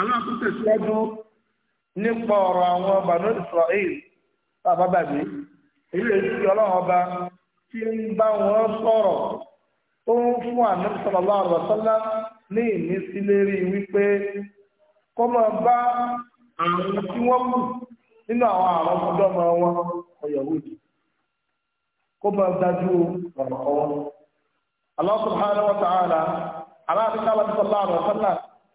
aláàtúntẹ̀ síwájú nípa ọ̀rọ̀ àwọn bàbá Israel bàbá bàbí èyí lè fi ọlọ́run ọba tí ń bá wọn sọ̀rọ̀ tó ń fún ànábì sallallahu alaihi ní wípé kó máa bá àwọn tí wọ́n kù nínú àwọn wọn ọ̀yọ̀wò ìdí kó máa dájú ọ̀rọ̀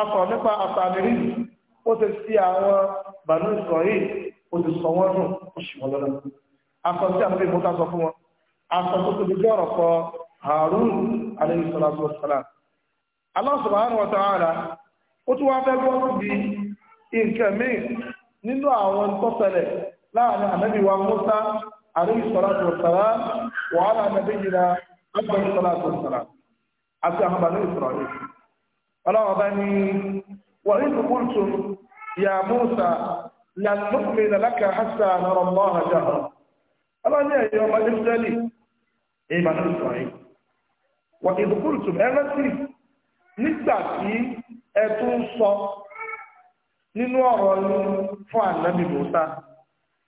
afọ̀ nípa àtàmìrí ó ti sí àwọn bàánú ìsọ̀ yìí ó ti sọ wọ́n rùn ó sì wọ́n lọ́dọ̀ afọ tí àmì ìmúta sọ fún wọn afọ tó tóbi jẹ́ ọ̀rọ̀ kọ Harun alayhi salatu wa salam Allah subhanahu wa ta'ala ó tún wá fẹ́ gbọ́ síbi nǹkan míì nínú àwọn tọ́sẹ̀lẹ̀ láàrin ànábì wa Musa alayhi salatu wa salam wa ala nabiyyina abdul salatu wa salam àti àwọn bàánú ìsọ̀rọ̀ yìí ọlọ́run bá ní wọ́n ní kúkúrútù ya Musa lànàmì làlákà hasa nọrọ mọ́ha jahọ ọlọ́run ní ẹ̀yọ́ ọmọ israẹli èyí màá nínú sọ̀rọ̀ yìí wọ́n ní kúkúrútù ẹ̀rọ́tì nígbà tí ẹ tún sọ nínú ọ̀rọ̀ yìí fún ànábì Musa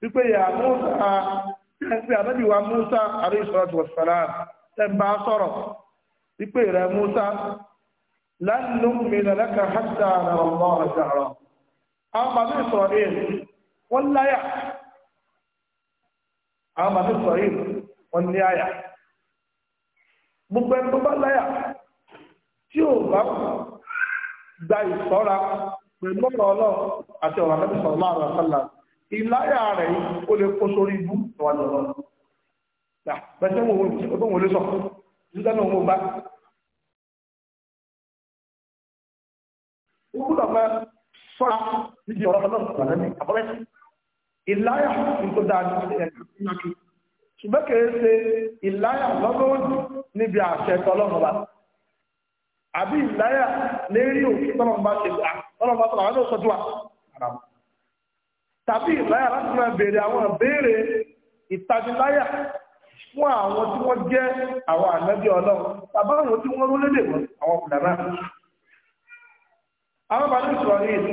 wípé ya Musa ẹgbẹ́ ànábì wa Musa àríṣọ́ọ̀tù wọ̀sán ẹ̀ bá sọ̀rọ̀ wípé rẹ̀ Musa. لن نؤمن لك حتى نرى الله جهرا أما بني إسرائيل ولا يا أما بني إسرائيل ولا يا gbogbo ẹni tó bá láyà tí ò bá gba ìṣọ́ra pẹ̀lú ọ̀rọ̀ ọlọ́ àti ọ̀rọ̀ àbẹ́bí sọ̀rọ̀ láàrọ̀ àṣálà ìláyà rẹ̀ ó lè kó sórí ibú ìwádìí ọ̀rọ̀ bẹ́ẹ̀ tí wọ́n wọlé sọ̀rọ̀ ó gbọ́dọ̀ máa sọ́ra níbi ọ̀rọ̀ ọlọ́run pàdé ní àbọ̀lẹ́sì ìláyà tó dáa ní ẹ̀ka ìnáki ṣùgbọ́n kìí ṣe ìláyà lọ́gọ́ọ̀dù níbi àṣẹ fún àwọn tí wọ́n jẹ́ àwọn ọlọ́run tàbí àwọn tí àwọn bàbá ìṣòro ní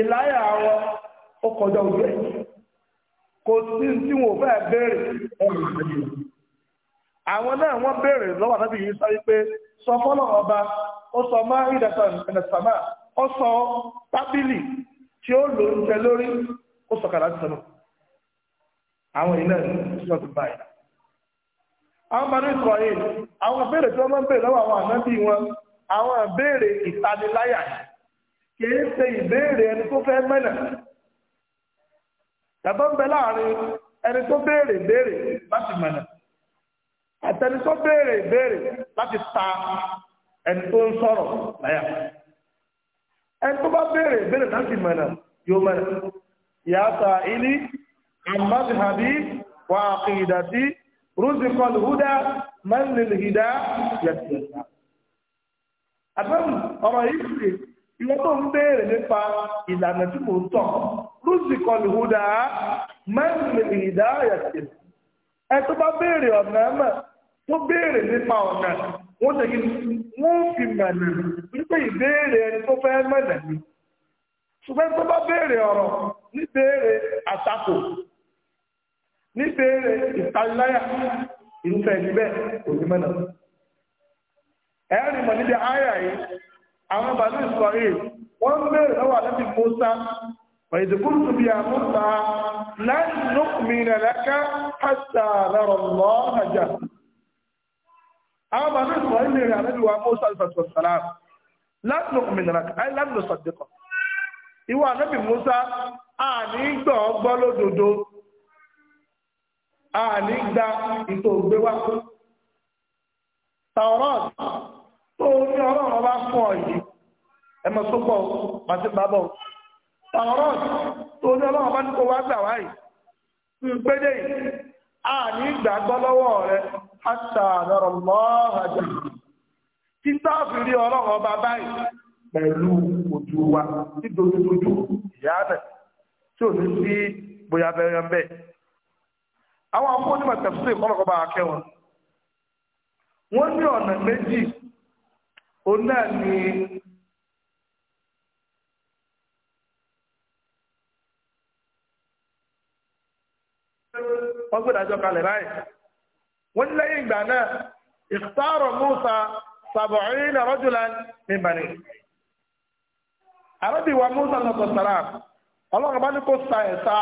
ìláyà àwọn ọkọ̀jọ òjò ẹ̀ kò sí tí wọn ò fẹ́ béèrè ọ̀rọ̀ ìṣẹ̀lẹ̀ àwọn náà wọ́n béèrè lọ́wọ́ àtàbí yìí sáré pé sọ fọ́lọ̀ ọba ó sọ má ìdàtà ẹ̀nẹ̀sàmà ó sọ tábìlì tí ó lò ń jẹ lórí ó sọ kàlá sọ̀rọ̀ àwọn ìlẹ̀ ìṣòro ti báyìí àwọn bàbá ìṣòro àwọn béèrè tí wọ́n máa lọ́wọ́ àwọn àná àwọn béèrè ìtaniláyà yìí kìí ṣe ìbéèrè ẹni tó fẹ́ mẹ́nà yàtọ̀ ń bẹ láàrin ẹni tó béèrè béèrè láti mẹ́nà àtẹni tó béèrè béèrè láti ta ẹni tó ń sọ̀rọ̀ láyà ẹni tó bá béèrè béèrè láti mẹ́nà yóò mẹ́nà yàtọ̀ ilé àmàdìhàbí wà àkìdàtì rúzìkọlù húdà mẹ́nìlì hìdá yàtọ̀ àbẹ̀wò ọ̀rọ̀ yìí ìwọ́n tó ń béèrè nípa ìlànà tí mò ń tọ̀ lùsì kọlù húdà mẹ́rin ìdá àyàtì ẹ tó bá béèrè ọ̀nà ẹ̀mẹ̀ tó béèrè nípa ọ̀nà wọ́n ṣe kí wọ́n fi mẹ̀nà wípé ìbéèrè ẹni tó fẹ́ mẹ̀nà ni ṣùgbọ́n tó bá béèrè ọ̀rọ̀ ní béèrè àtakò ní béèrè ìtàláyà ìrúfẹ́ ẹni bẹ́ẹ̀ kò ní mẹ́nà ẹ̀rín mọ̀ níbi àyà yìí àwọn bàbá ìsọ̀rí wọ́n bẹ̀rẹ̀ lọ́wọ́ àti mọ́sá fẹ̀yìntìkún tó bí àmúta láti lókùnmí nàlákà hàtà lọ́rọ̀ lọ́hàjà àwọn bàbá ìsọ̀rí lè rà lẹ́bí wa mọ́sá ìfẹ̀tọ̀ sàlá láti lókùnmí nàlákà ayé láti lọ sàdékọ̀ ìwà ànábì àní gbọ́ gbọ́ lódodo àní gba ìtòògbé wa tàwọn tó ní ọlọ́run ọba fún ọ yìí ẹ mọ sókọ pàṣẹ bàbọ tàwọn tó ní ọlọ́run ọba ní kó wá gbà wáyé ń pédé yìí a ní ìgbàgbọ́ lọ́wọ́ rẹ hàtà lọ́rọ̀ lọ́hàjà rí ọlọ́run ọba báyìí pẹ̀lú ojú wa ìyá tí ò ní sí bóyá bẹ́ẹ̀ bẹ́ẹ̀ àwọn kọ́lọ́kọ́ bá a wọ́n ní ọ̀nà méjì òun náà ni wọ́n gbé dájọ́ kalẹ̀ báyìí wọ́n naa lẹ́yìn ìgbà náà ìtààrọ̀ Musa sàbọ̀ọ́yìn rọ́jùlá ní bani. àrọ́bìwá Musa lọ́sọ̀ sàrà ọlọ́run bá ní kó sa ẹ̀sà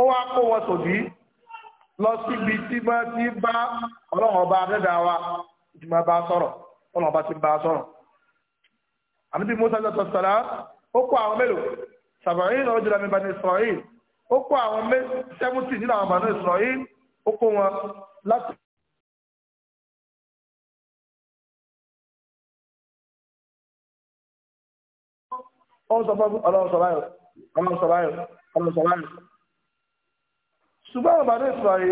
ó wá kó wọn tòbí lọ síbi tí máa ti bá ọlọ́run ọba abẹ́dà wa tí máa bá sọ̀rọ̀ ọlọ́run ọba ti bá sọ̀rọ̀ àbíbí musa jọ sọ̀rọ̀ ó kó àwọn mélòó sàbàáyé lọ́wọ́ jùlọ mi bá ní sọ̀rọ̀ yìí ó kó àwọn mé sẹ́mùtì nínú àwọn àbànú ìsọ̀rọ̀ yìí ó kó wọn láti ọlọ́run ọlọ́run sọ báyọ̀ ọlọ́run sọ báyọ̀ ọlọ́run sọ báyọ̀ ṣùgbọ́n àwọn bàbá ìsọ̀rọ̀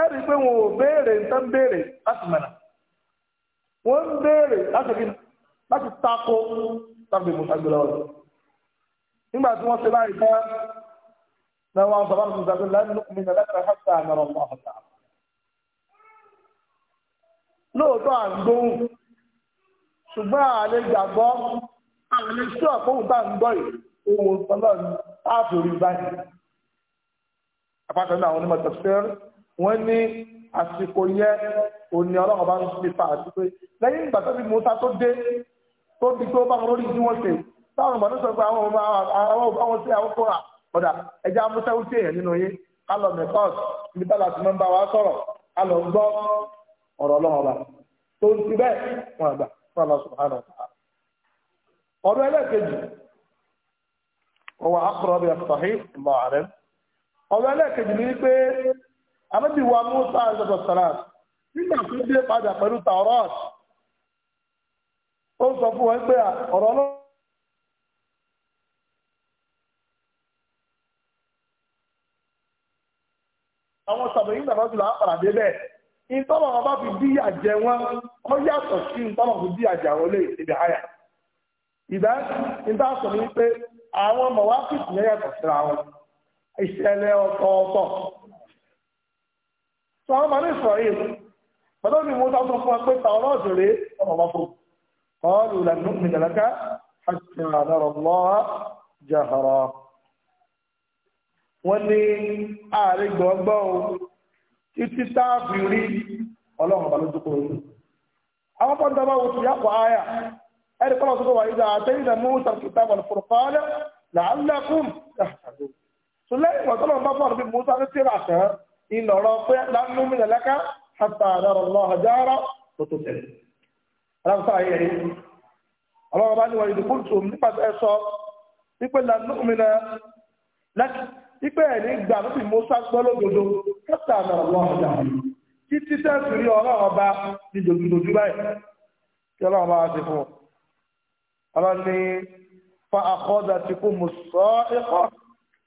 ẹ rí i pé wọn ò béèrè ń tán béèrè láti mọ̀nà wọ́n ń béèrè láti rí láti tako tàbí musa gbé lọ́wọ́ nígbà tí wọ́n ṣe báyìí tán náà wọ́n sọ fún musa gbé lánàá mi nà lẹ́tà hàtà àmọ́ràn ọmọ ọ̀tà lóòótọ́ à ń gbóhùn ṣùgbọ́n àlè gbàgbọ́ àlè sí ọ̀pọ̀ òun tá à ń gbọ́ yìí òun ò sọ apáta nínú àwọn onímọ̀ tafsir wọ́n ní àsìkò yẹ òní ọlọ́run bá ń fi fa àti pé lẹ́yìn ìgbà tó fi Musa tó dé tó di tó bá wọn lórí bí wọ́n ṣe táwọn ọmọdé sọ pé àwọn ọmọ àwọn sí àwọn kóra ọ̀dà ẹja Musa ó tẹ̀yẹ̀ nínú yín kálọ mẹ́kọ́s níbi tá láti mọ́ ń bá wa sọ̀rọ̀ kálọ gbọ́ ọ̀rọ̀ ọlọ́run ọba tó ń ti bẹ́ẹ̀ wọn àgbà fún Allah subhanahu wa ta'ala ọdún ẹlẹ́ẹ̀kejì ọwọ́ akọ̀rọ̀ bí ẹ̀ ọ̀rọ̀ ẹlẹ́ẹ̀kejì ni pé anábì wa Musa àjọpọ̀ sàrán nígbà tó dé padà pẹ̀lú Taurat ó sọ fún wọn pé ọ̀rọ̀ náà. àwọn sàbẹ̀yìn nàbà jùlọ àpàdé bẹ́ẹ̀ ìtọ́lọ̀ wọn bá fi bí àjẹ wọn yàtọ̀ sí fi bí àjẹ àwọn olè ìdè àyà ìdá ìdá sọ pé àwọn yàtọ̀ síra wọn. ìṣẹ̀lẹ̀ ọ̀tọ̀ọ̀tọ̀ tí wọ́n máa ní sọ̀rọ̀ yìí pẹ̀lú ní mo sọ fún wọn pé ta ọ̀rọ̀ òṣèré ọmọ ọmọ fún ọlù lànà ìdàlẹ́ká àti àdàrọ̀ lọ́wọ́ jahara wọ́n ní ààrẹ gbọ́ngbọ́ tó wà yìí dáa àtẹ́yìn náà mú sàkítà wọn fòròfàálẹ̀ làálàkùn dáhàdùn tó lẹ́yìn ìgbà tọ́lọ́ bá fọ́ọ̀rọ̀ bí musa ní tíra tán ìlọ̀rọ̀ pé lánàá mi lẹ́lẹ́ká hàtà àdàrọ̀ lọ́hà jáárọ̀ tó tó tẹ̀lé. aláǹsá ayé yẹn ọlọ́run bá ní wọ́n ìdìbò tó nípa ẹ sọ wípé lánàá mi lẹ́lẹ́ká wípé ẹ̀ ní gbà lóbi musa gbọ́ lódodo hàtà àdàrọ̀ lọ́hà jáárọ̀ títí tẹ́sí rí ọlọ́run ọba ní dòdòdò bá wá sí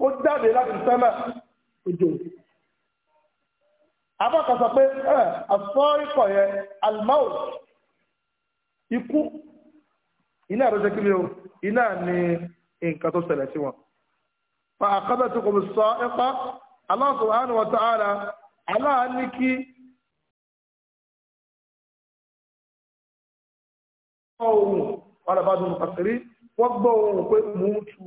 ó jáde láti sẹ́mà òjò abákasà pé ẹ àsọ́ríkọ̀ yẹn almau ikú iná àrọ́jẹ́ kí ni o iná ní nǹkan tó ṣẹlẹ̀ sí wọn fa àkọ́bẹ̀tùkùn sọ ẹ́pá Allah subhanahu wa ta'ala Allah ní kí ohun wọ́n lọ bá dùn pàṣírí wọ́n gbọ́ ohun pé mú tù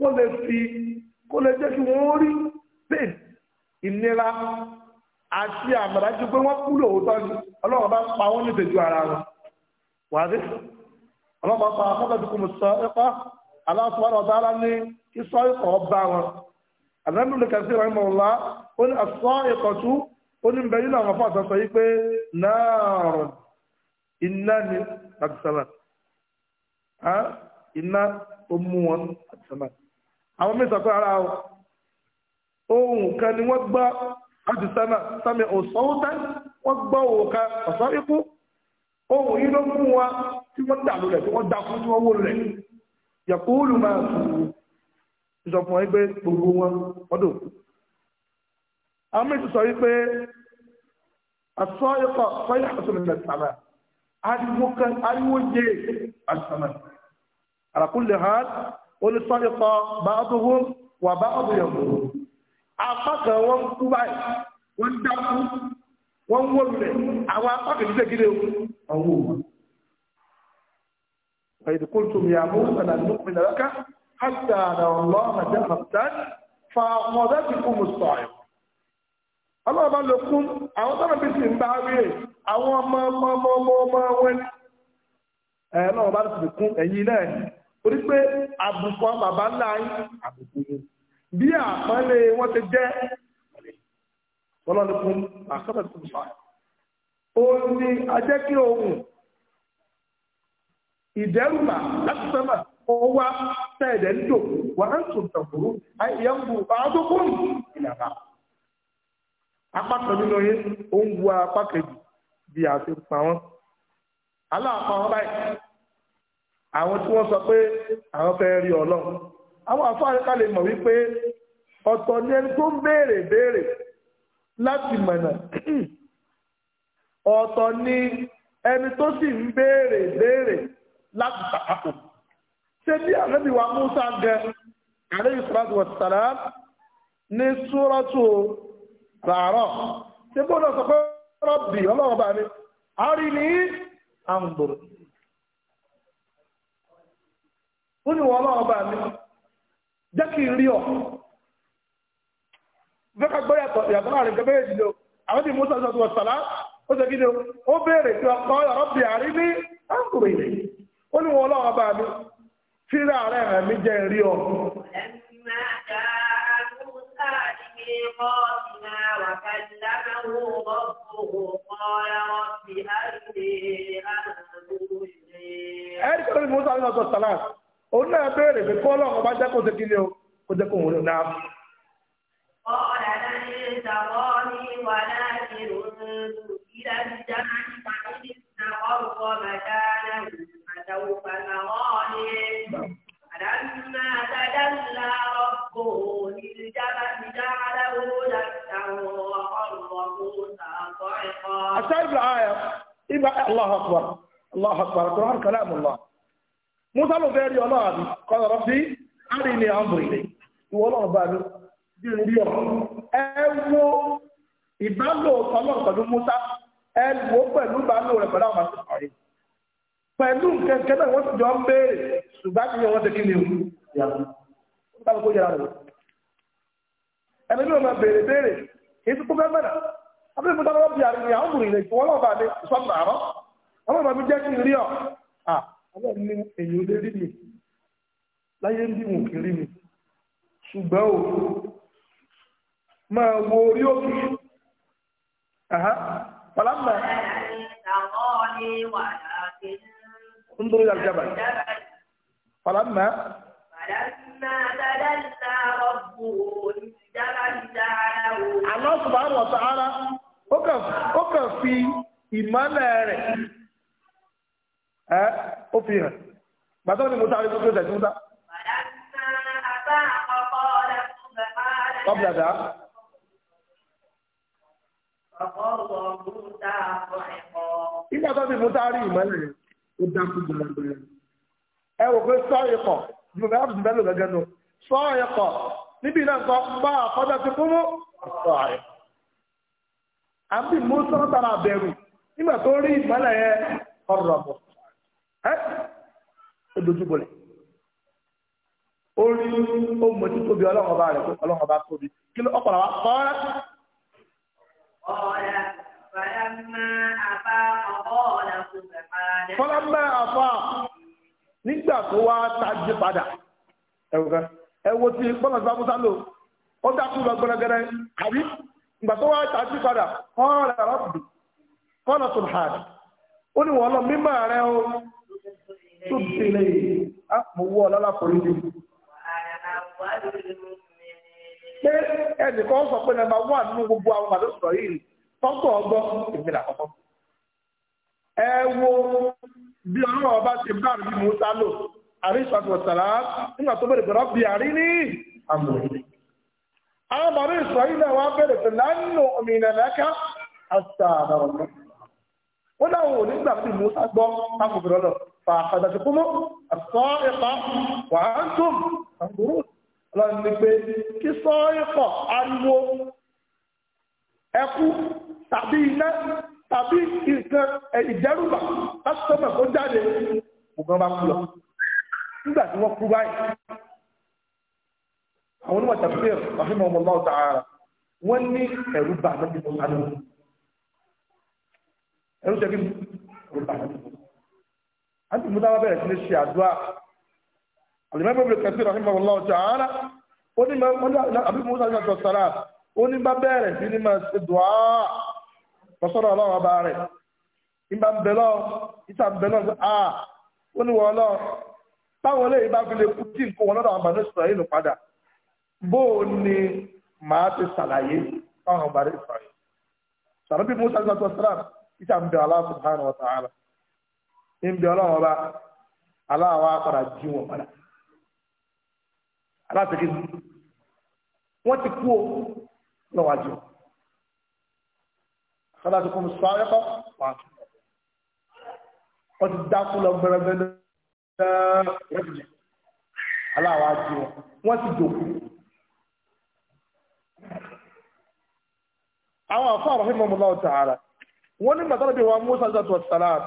kó lè fi kó lè jẹ́ kí wọ́n rí pain ìnira àti àmàdájú pé wọ́n kú lóòótọ́ ni ọlọ́run bá pa wọ́n ní ìtẹ̀jú ara wọn wàdí ọlọ́run bá pa akọ́bẹ̀dùkùn sọ ẹ̀kọ́ aláṣọwọ́n ọ̀tá ara ní kí sọ ikọ̀ bá wọn àdánù lè kẹsí ìwà ìmọ̀ ńlá ó ní àṣọ ikọ̀ tú ó ní bẹ́ẹ̀ nínú àwọn afọ àtọ́sọ yìí pé náàrùn iná ni àtìsẹ́lẹ̀ iná ó mú wọn àtìsẹ́lẹ̀ àwọn mí sọ pé ara o ohun kan ni wọ́n gbọ́ láti sẹ́mà sẹ́mi òṣòwòtẹ́ wọ́n gbọ́ òwò kan ọ̀sọ́ ikú ohun yìí ló fún wa tí wọ́n dà lulẹ̀ tí wọ́n da fún tí wọ́n wó lulẹ̀ yẹ̀kú olùmọ̀ àtúntò ìsọfún wọn pé gbogbo wọn ọdún àwọn méjì sọ wípé àsọ ikọ̀ sọ́yà àtúntò sàmà ariwo jẹ́ àtúntò sàmà àràkúnlẹ̀ hàn onísọ́nìkọ bá ọdún hó wà bá ọdún yọ̀gbọ̀n apákan wọn kú báyìí wọn dákú wọn wó lulẹ̀ àwọn apákan ti tẹ̀gídé ọwọ́ wọn. فإذ قلتم يا موسى لن نؤمن لك حتى نرى الله جهرة فأخذتكم الصاعقة ọlọ́ọ̀bá ló kún àwọn tọ́nà bí sì ń bá rí ẹ̀ àwọn ọmọ ọmọ ọmọ ọmọ wọn ẹ̀ náà bá sì kún ẹ̀yìn náà torí pé àbùkù bàbá ńlá yín àbùkù yín bí àpọ́nlé wọn ti jẹ́ ọlọ́nìkún àkọ́tà tó sọ ó ní ajẹ́ kí ohun ìdẹ́rùbà láti sẹ́mà ó wá tẹ̀ẹ̀dẹ̀ níjò wà á ń sùn tàkùrú àìyẹ́ ń bu àádókùn ìlànà apá kan nínú yín ó ń bu apá kejì bí a ti pa wọn aláàpá wọn báyìí àwọn tí wọ́n sọ pé àwọn fẹ́ rí ọlọ́run àwọn àfáàríkà lè mọ̀ wípé ọ̀tọ̀ ni ẹni tó ń béèrè béèrè láti mọ̀nà ọ̀tọ̀ ni ẹni tó sì ń béèrè béèrè láti tàkàkò ṣé bí àlẹ́bí wa Musa gẹ àlẹ́bí sọ́láàtì wọ̀sàlá ní súrọ́tù ràárọ̀ ṣé bó lọ sọ pé rọ́bì ọlọ́run bá mi àrí ni àǹdòrò ó ní wọn ọlọ́run bá mi jẹ́ kí n rí ọ fẹ́ka gbọ́ yàtọ̀ yàtọ̀ láàrin gẹ́gẹ́ bẹ́ẹ̀ jùlọ àwọn tí musa sọ̀tún ọ̀sàlá ó ṣe kíni ó béèrè tí ọkọ ọ̀rọ̀ bì àrí ní ákùrì ó ní wọn ọlọ́run bá mi fíra ààrẹ mi jẹ́ rí ọ. قاتنا وكلمه ربه قال رب أرني أنظر إليك. موسى عليه الصلاة òun náà béèrè pé kọ́ lọ́wọ́ bá jẹ́ kó ṣe kíni o kó jẹ́ kó òun lò náà. ọ̀rẹ́ mi ń sàwọ́ ní wàhálà ìrònú ìlà ìjà àti نقرب مكانا فسوف نراني فلما تجلى ربه للجبل جعله دكا وقر موسى صعقا. الآية الله أكبر الله أكبر القرآن كلام الله musa ló fẹ́ rí ọlọ́run àbí sí àrí ni àwọn bòrè ìwọ ọlọ́run bá mi bí n rí ọ ẹ wo ìbálò ọlọ́run pẹ̀lú musa ẹ wo pẹ̀lú ìbálò rẹ̀ pẹ̀lú àwọn àṣìkò rẹ̀ pẹ̀lú kẹ̀kẹ́ náà wọ́n ti jọ ń béèrè ṣùgbọ́n kí ni wọ́n ti kí ni o yàtọ̀ ó dábàá kó yàrá rẹ̀ ẹni bí wọ́n máa béèrè béèrè kì í ti kó fẹ́ mẹ́ta abúlé mi dábàá bí àrí ni àwọn bòrè ọlọ́run ní èyí ó lè rí mi láyé ń bí wọn kì í rí mi ṣùgbọ́n o máa wo orí òkè palamma ń dúró yàrá jábà palamma. Allah subhanahu wa ta'ala ó kàn fi ìmọ̀lẹ̀ rẹ̀ ó fi hàn gbàtọ́ ni musa àríwá tó tẹ̀sí musa. kọ́bìlàdà. ìgbà tó ti musa rí ìmọ̀lẹ̀ ó dákú gbọ̀ngbọ̀n ẹ wò pé sọ́ọ̀yì kọ̀ yorùbá yàtọ̀ sí bẹ́ẹ̀ lò gẹ́gẹ́ nù sọ́ọ̀yì kọ̀ níbi náà sọ bá àkọ́jà ti kú mú sọ́ọ̀yì. àbí musa tara bẹ̀rù nígbà tó rí ìmọ̀lẹ̀ yẹn ọ̀rọ̀ bọ̀. ó dojúbò rẹ̀ ó rí ó mọ̀tí tóbi ọlọ́run ọba rẹ̀ ọlọ́run ọba tóbi kí ló ọ̀pọ̀lọpọ̀ wa kọ́ ọ́rẹ́. ọ̀rẹ́ fọlọ́mọ àfa padà. fọlọ́mọ àfa nígbà tó wá tají padà ẹ̀wọ̀n ẹ̀wọ̀ tí pọ́nlọ̀ sábúsá lò ó dákú lọ gbẹrẹgbẹrẹ àbí ìgbà tó wá tají padà kọ́ ọ̀rẹ́ rọ́bì kọ́ ọ̀nà sùnhàn ó ní wọ́n lọ mímọ́ rẹ̀ o. tó ti lè mú wọ́ lọ́la foríjì. pé ẹnìkan sọ pé nàìjíríà wà nínú gbogbo àwọn màdó sọ̀rọ̀ yìí tọ́gbọ̀ ọgbọ́ ìgbìlà àkọ́kọ́. ẹ wo bí ọlọ́run ọba ti bá àrùn bí mo sá lò àríṣàkọ̀ sàrà nígbà tó bẹ̀rẹ̀ bẹ̀rẹ̀ bí àrí ní àmọ̀ àwọn bàbá ìsọ̀yìn náà wá bẹ̀rẹ̀ pé lánàá òmìnira lẹ́ka àtàrà ọ̀nà. ó dáhùn òní gbà pé mo sá gbọ́ فأخذتكم الصائقة وأنتم تنظرون لأن كصائقة عنو أكو تبينا تبين إذا إجربا أستمع كجاني بقى بقى بقى بقى بقى بقى بقى رحمه الله تعالى واني اربع من المسلمين انا تجيب اربع من المسلمين àti mú dáwà bẹ̀rẹ̀ sí ní ṣe àdúrà àlùmọ́ bẹ̀rẹ̀ kẹsì rà nípa ọlọ́wọ́ tí àárá ó ní àbí musa ní ọjọ́ sára ó ní bá bẹ̀rẹ̀ sí ní máa ṣe dùá lọ́sọ́dọ̀ ọlọ́wọ́ bá rẹ̀ ìgbà ń bẹ̀ lọ́wọ́ ìta ń bẹ̀ lọ́wọ́ à ah! ó ní wọ́n lọ́wọ́ táwọn ilé ìbá fi lè kú tí nǹkan wọn lọ́dọ̀ àwọn bàbá Ísírẹ́lì nù padà bó o ní màá ti ṣàlàyé fáwọn bàbá Ísírẹ́lì sàrọ́bí musa ní ọjọ́ sára ìta ń bẹ̀ Allah subhanahu wa ta'ala níbi ọlọ́run ọba aláwọ̀ apàdà jí wọn padà aláṣẹ́kí wọ́n ti kú o lọ́wọ́ àjò sọ́dá tó kún sọ ayẹ́kọ́ wà wọ́n ti dákú lọ bẹ́rẹ́bẹ́rẹ́ wọ́n ti jẹ aláwọ̀ àjò wọ́n ti dòkú. àwọn àfọ àwọn fíìmù ọmọláwọ̀ tààrà wọ́n ní màtàlẹ́bí wa mú sàdúrà tó sàlámù.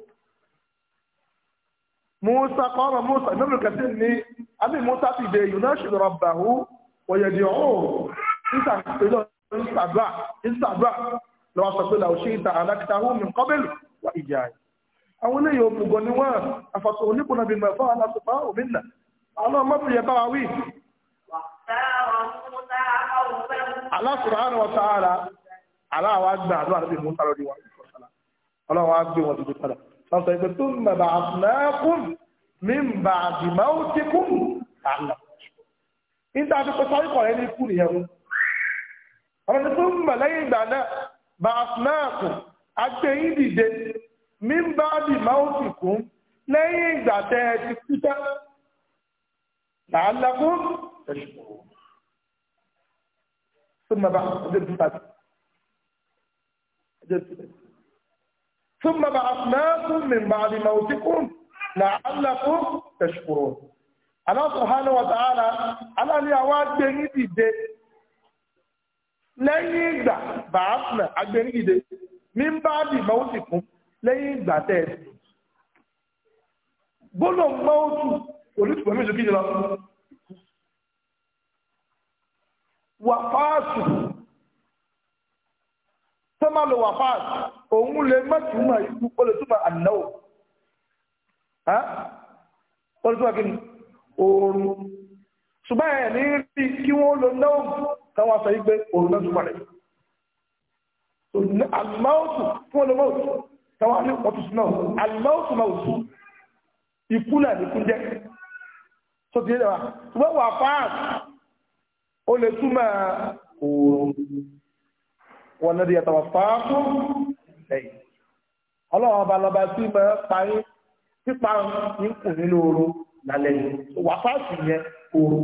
musa kọ́ra musa ìmọ̀mù kẹsì ní àbí musa ti dé yunáṣì rọ̀bàhù wọ̀yẹ̀dì ọ̀hún níta pẹ̀lú ìsàdúrà ìsàdúrà lọ́wọ́ sọ pé làwọn ṣe ìta àdákítà hù mí kọ́bẹ̀lù wà ìjà yìí. àwọn eléyìí òmùgọ̀ ni wọ́n àfàtò oníkùnà bíi mẹ́fà aláṣọpá òmìnira àwọn ọmọ fi yẹ báwa wí. aláṣọpá àrùn ọ̀tá ara aláwa gbà àdúrà níbi musa lọ́dí wọn ọlọ́wọ́ á gbé wọn dúdú padà wọ́n sọ pé tó ń bàbà àfúnákùn mí ń bà àdìmọ́ ó ti kún àlọ́. níta tó kọ́ sọ́rí kọ̀ọ̀rẹ́ ní ikú nìyẹn wọn. ọ̀rọ̀ ni tó ń bà lẹ́yìn ìgbà náà bà àfúnákùn agbẹ́yìn dìde mí ń bà àdìmọ́ ó ti kún lẹ́yìn ìgbà tẹ́ ẹ ti kú ثم بعثناكم من بعد موتكم لعلكم تشكرون Allah subhanahu wa ta'ala aláàlẹ́ àwọn agbẹ̀rin dìde lẹ́yìn ìgbà bàáfnà agbẹ̀rin dìde ní bá dì mọ́ọ̀tì fún lẹ́yìn ìgbà tẹ́ẹ̀sì gbọ́nà mọ́ọ̀tù olùsùpọ̀ mí sókè jùlọ wà fáàsù tó má lo wàfáàt òun lè má túmọ̀ ikú ó lè túmọ̀ ànáwó ó lè túmọ̀ kí ni oorun ṣùgbọ́n ẹ̀ ní rí kí wọ́n lo náwó káwọn aṣọ yìí gbé oorun náà túmọ̀ rẹ̀ alimawusu kí wọ́n lo mawusu káwọn á ní ọtún sí náà alimawusu mawusu ikú náà ní kúnjẹ́ tó ti yé wa ṣùgbọ́n wàfáàt ó lè túmọ̀ oorun. wọn lè yàtọ̀ wọ́n fáàkù lẹ́yìn ọba lọ́ba tí mo parí pípa nínú ooru yìí wà yẹn ooru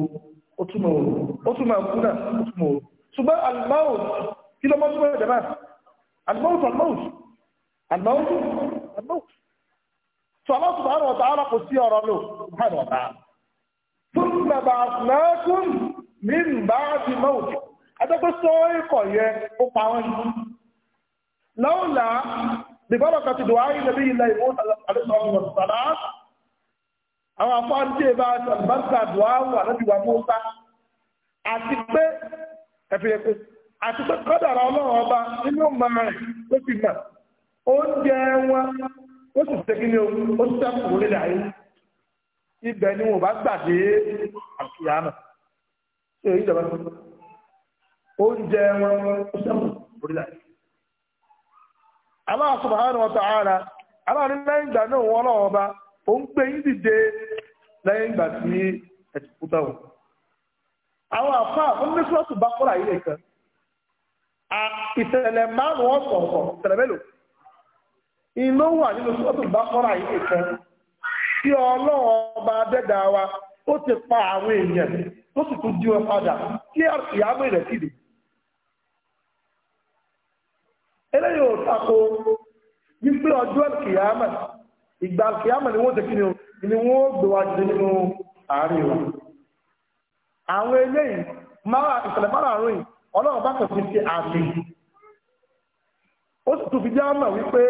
ó ooru ó náà ó ooru ṣùgbọ́n kí ló túmọ̀ kò sí ẹgbẹ́gbẹ́ sọ ikọ̀ yẹ ó pa wọ́n ní lọ́wọ́lá bíbọ́lọ̀ kan ti dùn áyí lẹ́bí ilẹ̀ ìwọ̀n alẹ́sọ̀rọ̀ sàlá àwọn afọ́njì bá sàlùbáṣà dùn áwù àlẹ́bíwà mọ́sá àti pé ẹ̀fẹ̀yẹ̀pẹ̀ àti pé kọ́dàrà ọlọ́run ọba nínú mọ́ra rẹ̀ ló fi mà oúnjẹ wọn ó sì ṣe kí ni ó sẹ́kù lórí ayé ibẹ̀ ni wọn bá gbàdé àkìyàmà ṣe èyí jọba oúnjẹ wọn ó sẹ́wọ̀n orílẹ̀ àti. Allah subhanahu wa ta'ala aláàánú lẹ́yìn ìgbà náà ọba ó ń gbé yín dìde lẹ́yìn ìgbà tí ẹ ti kú bẹ́ẹ̀ àwọn àfa àwọn oníṣòwòsù bá kọ́ra yìí nìkan ìṣẹ̀lẹ̀ márùn-ún ọ̀sọ̀ọ̀sọ̀ ìṣẹ̀lẹ̀ mélòó ọba adẹ́dàá wa ó ti pa àwọn èèyàn sì tún jí wọn padà kí eléyìí ò tako wípé ọjọ́ kìyàmà ìgbà kìyàmà ni wọ́n ti kíni o ni wọ́n gbé wa jẹ nínú àárín wa àwọn eléyìí mara ìṣẹ̀lẹ̀ mara àrùn yìí ọlọ́run bá kàn fi ṣe àmì ó sì tún fi jẹ́ àmà wípé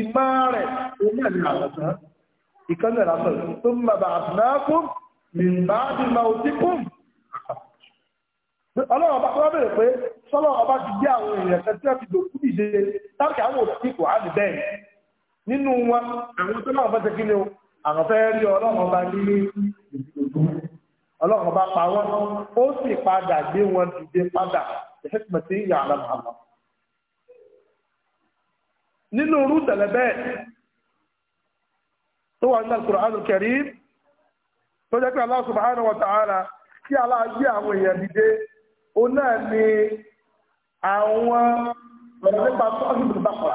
ìmá rẹ̀ oní ẹ̀mí àlọ́sán ìkànnì ìlàsọ̀ tó ń bàbà àtúnákùn lè bá bí ma ò tí kùn ọlọ́run bá kọ́ bẹ̀rẹ̀ pé sọ́lọ́ ọba ti gbé àwọn èèyàn kan tí wọ́n ti dòkú dìde tábìlì àwọn òsì kò á lè bẹ́ẹ̀ nínú wọn àwọn tó náà fẹ́ kí ni o àwọn fẹ́ rí ọlọ́run ọba ní ìdìbò ọlọ́run ọba pa wọ́n ó sì padà gbé wọn dìde padà ìfẹ́sìmọ̀tì ìyá àlàmàlà nínú orú tẹ̀lẹ̀ bẹ́ẹ̀ tó wà nínú Al-Qur'an Al-Karim tó jẹ́ pé Allah subhanahu wa ta'ala kí aláàgbé àwọn èèyàn dìde ó náà ní àwọn ọ̀rọ̀ nípa sọ́ọ̀sì ìbùdó bàkàrà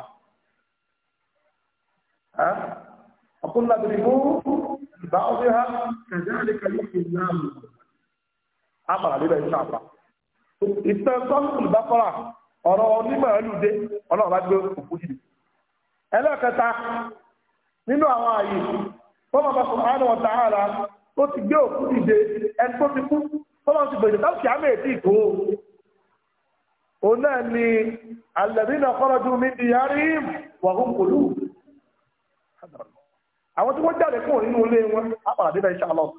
ọkùnrin àbẹ̀rẹ̀ mú ìbá ọdún ha kẹ̀dẹ́ àdékà fi náà mú bàkàrà ọ̀rọ̀ onímọ̀ ẹlùdé gbé òkú ẹlẹ́kẹta nínú àwọn ààyè bá tó ti gbé òkú ẹni tó ti kú òun náà ni alladhina kharaju min diyarihim wa hum qulub àwọn tí wọ́n jáde kúrò nínú ilé wọn àpàdé bẹ́ẹ̀ ṣàlọ́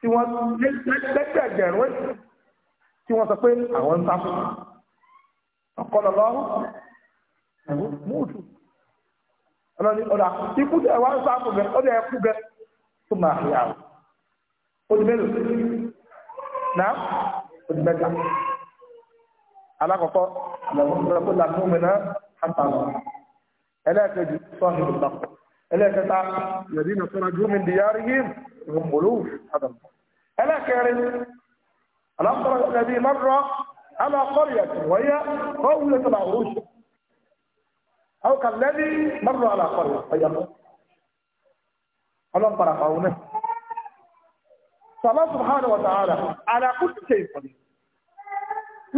tí wọ́n lẹ́gbẹ̀ẹ́gbẹ̀rún tí wọ́n sọ pé àwọn ń sáfù ọ̀kọ́lọ̀ lọ́wọ́ múùtù ọlọ́ni ọ̀dà ikú tẹ̀ wá ń sáfù gẹ ọdẹ ẹkú gẹ tó máa fi àwọn odi mélòó náà odi mẹ́ta alákọ̀ọ́kọ́ àlàmúlò kó lànà òmìnira hàtà lọ ẹlẹ́ẹ̀kejì sọ́ọ̀hìn ìgbàkọ̀ ẹlẹ́ẹ̀kẹta yẹ̀dí nà sọ́ra ju mi dìyàrí yìí rùmùlù hàtà lọ ẹlẹ́ẹ̀kẹrin alámúlò ẹlẹ́bí mọ́rọ́ على قرية وهي قولة العروش أو كالذي مر على قرية فيقول ألم ترى قونه فالله سبحانه وتعالى على كل شيء قدير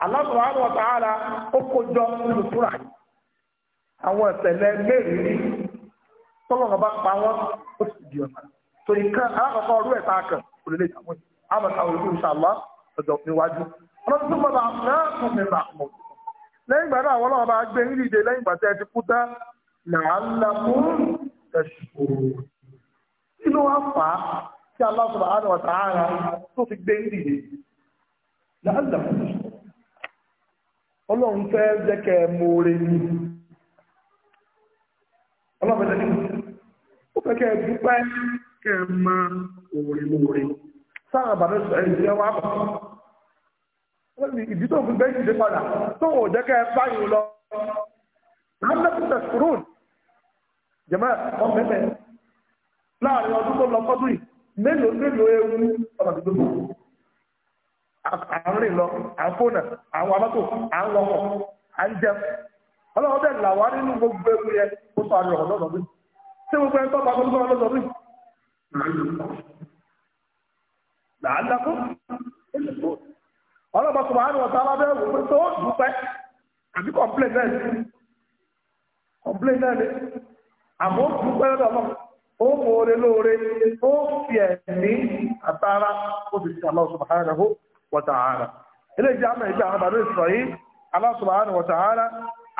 Allah subhanahu wa ta'ala ó kójọ nínú súrà àwọn ìṣẹ̀lẹ̀ mẹ́rìírí tọ́lọ́nà bá pa wọ́n ó sì di ọ̀nà torí kan alákọ̀ọ́kọ́ ọdún ẹ̀ta kan kò lè lè jàmọ́ àmọ́ táwọn ìlú ìṣàlọ́ ọ̀dọ̀ níwájú ọlọ́run tó mọ̀ bá náà kún mi máa mọ̀ lẹ́yìn ìgbà náà àwọn ọlọ́run bá gbé yín dìde lẹ́yìn ìgbà tẹ́ ẹ ti kú tán làálàkún ẹ̀ṣùkòrò inú wa fà á tí Allah subhanahu wa ta'ala tó fi gbé yín dìde làálàkún ẹ̀ṣùkòrò ọlọ́run fẹ́ jẹ́kẹ́ mọ́ọ́rẹ́ ni ọlọ́run fẹ́ ó fẹ́ kẹ́ dúpẹ́ kẹ́ mọ òòrè mọ́ọ́rẹ́ sáà bàbá sọ ẹ̀ ìdílé wa bọ̀ ìdí tó fi bẹ́ẹ̀ ṣe padà tó ò jẹ́kẹ́ báyìí lọ hamlet road jẹ̀mọ́ ọ̀n mẹ́mẹ́ láàrin ọdún tó lọ fọ́dún yìí mélòó mélòó ewu ọ̀nà tó tó à ń rìn lọ à ń fónà à ń wa mọ́tò à ń wọkọ̀ à ń jẹun ọlọ́run bẹ́ẹ̀ là wá nínú gbogbo ewu yẹn kó sọ àrùn ọ̀dọ́ lọ́dún ṣé gbogbo ẹni tó bá gbogbo ọlọ́dún lọ́dún làálàkó ọlọ́ba tó máa ń wọ̀ta alábẹ́ wò pé tó dùpẹ́ àbí kọ̀m̀plẹ̀n náà ni kọ̀m̀plẹ̀n náà ni àmọ́ dùpẹ́ lọ́dọ̀ náà ó mọ̀ọ́rẹ́ lóore ó fi ẹ̀mí àtàrà ó sì ṣàlọ́ sọ̀rọ̀ wa ta'ala eléyìí eji àmọ́ ìgbà àwọn ala ìsọ̀rọ̀ yìí ala subhanahu wa ta'ala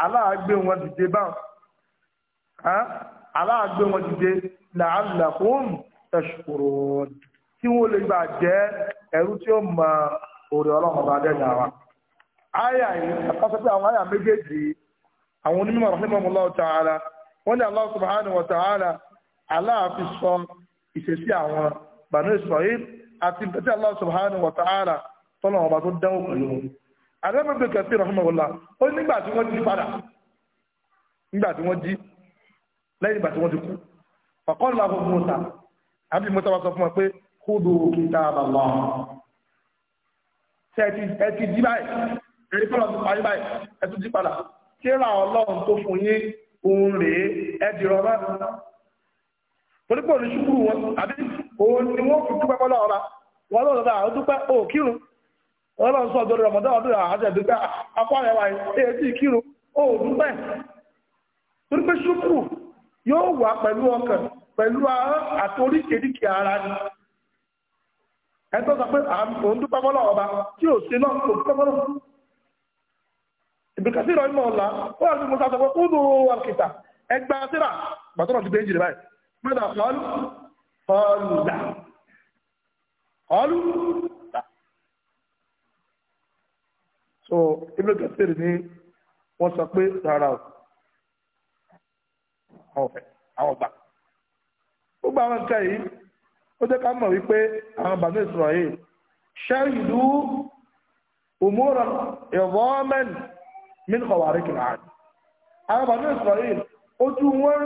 aláàgbé ala agbe báwọn aláàgbé wọn dìde la'allakum tashkurun tí wọ́n lè gbà jẹ́ ẹ̀rú tí ó mọ òrè Aya yìí, ẹ̀ka sọ aya méjèèjì àwọn onímọ̀ rahimahullah ta'ala wọ́n ní Allah Banu Israil tọ́lá ọba tó dánwò pẹ̀lú wọn àdébẹ̀bẹ̀ kẹsì rahmanullah ó nígbà tí wọ́n jí padà nígbà tí wọ́n jí lẹ́yìn ìgbà tí wọ́n ti kú ọ̀kan làwọn ọmọ mọ́ta àbí mọ́ta wa sọ fún wa pé khudu kitaballah ṣe ẹ ti jí báyìí ẹni tọ́lá ti parí báyìí ẹ tún jí padà kíra ọlọ́run tó fún yín òun rèé ẹ di rọra onípò ní ṣùkúrù wọn àbí òun ni wọ́n fi dúpẹ́ mọ́lá ọ̀la wọn lọ́dọ̀ dá àwọn dúpẹ́ òkírun ọlọ́run sọ ọdọ́rọ̀ ọmọdé ọdún àjẹ́dúgbà akọ́rẹ̀wà èyí kírò ó dúpẹ́ torí pé ṣúkúrù yóò wà pẹ̀lú ọkàn pẹ̀lú àtoríkèríkè ara ni ẹ̀tọ́ sọ pé òun dúpẹ́ bọ́lá ọba tí ò sí náà kò dúpẹ́ ìbìkà sí ìrọ̀lẹ́ ọ̀la ó wà ní sọ pé wà kìtà síra gbàtọ́nà ti báyìí mẹ́ta ọlù ọlù so Ibn Kathir ni wọn sọ pé rárá o àwọn ọ̀fẹ́ àwọn ọgbà gbogbo àwọn nǹkan yìí ó jẹ́ ká mọ̀ wípé àwọn bàbá Israel ṣẹ́yìndú òmùrọ̀ ìrọ̀mẹ́n min àwọn ojú wọn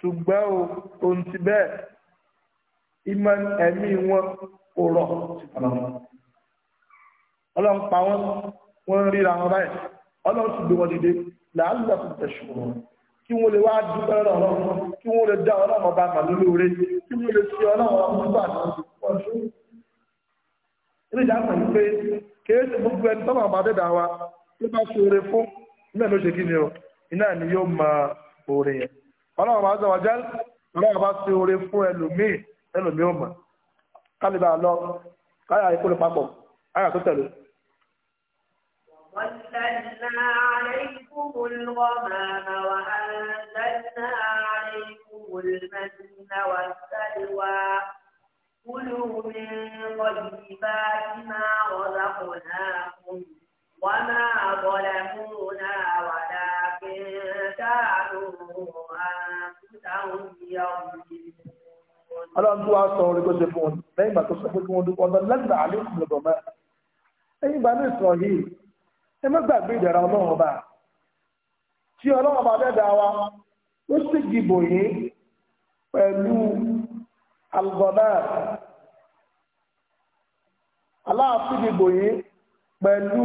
ṣùgbọ́n o ohun ti bẹ́ẹ̀ ìmọ̀ ẹ̀mí wọn kò rọ̀ ọlọ́run pa wọn wọn ríra wọn báyìí ọlọ́run ti gbé wọn dìde làálùbà fún tẹ̀sùn kí wọ́n lè wá dúpẹ́ lọ́dọ̀ ọlọ́run kí wọ́n lè dá ọlọ́run ọba àmàlú lóore kí wọ́n lè ṣe ọlọ́run ọba nígbà tó ń pọ̀ jù. ilé ìjà sọ wípé kìí gbogbo ẹni tọ́mọ̀ ọba dẹ́dà wa ló bá ṣe oore fún iná ló ṣe kí ni o iná ni yóò máa oore yẹn ọlọ́run bá sọ̀rọ̀ jẹ́ ọlọ́run bá ṣe oore fún ẹlòmíì ẹlòmíì ò kálíbà lọ káyà ikú papọ̀ káyà tó tẹ̀lé. وَأَنزَلْنَا عَلَيْكُمُ الْغَمَامَ وَأَنزَلْنَا عَلَيْكُمُ الْمَنَّ وَالسَّلْوَىٰ كُلُوا ọlọ́run tó wá sọ orí tó ṣe fún wọn lẹ́yìn ìgbà tó sọ pé kí wọ́n dúpọ̀ ọ̀dọ́ lẹ́gbà àlékún lọ́dọ̀ mọ́ ẹ̀yìn ìgbà ní ìsọ̀ yìí ẹ má gbàgbé ìdára ọlọ́run ọba tí ọlọ́run ọba bẹ́ẹ̀ dá wa ó sì dìbò yìí pẹ̀lú alùbọ̀nà aláàfin dìbò yìí pẹ̀lú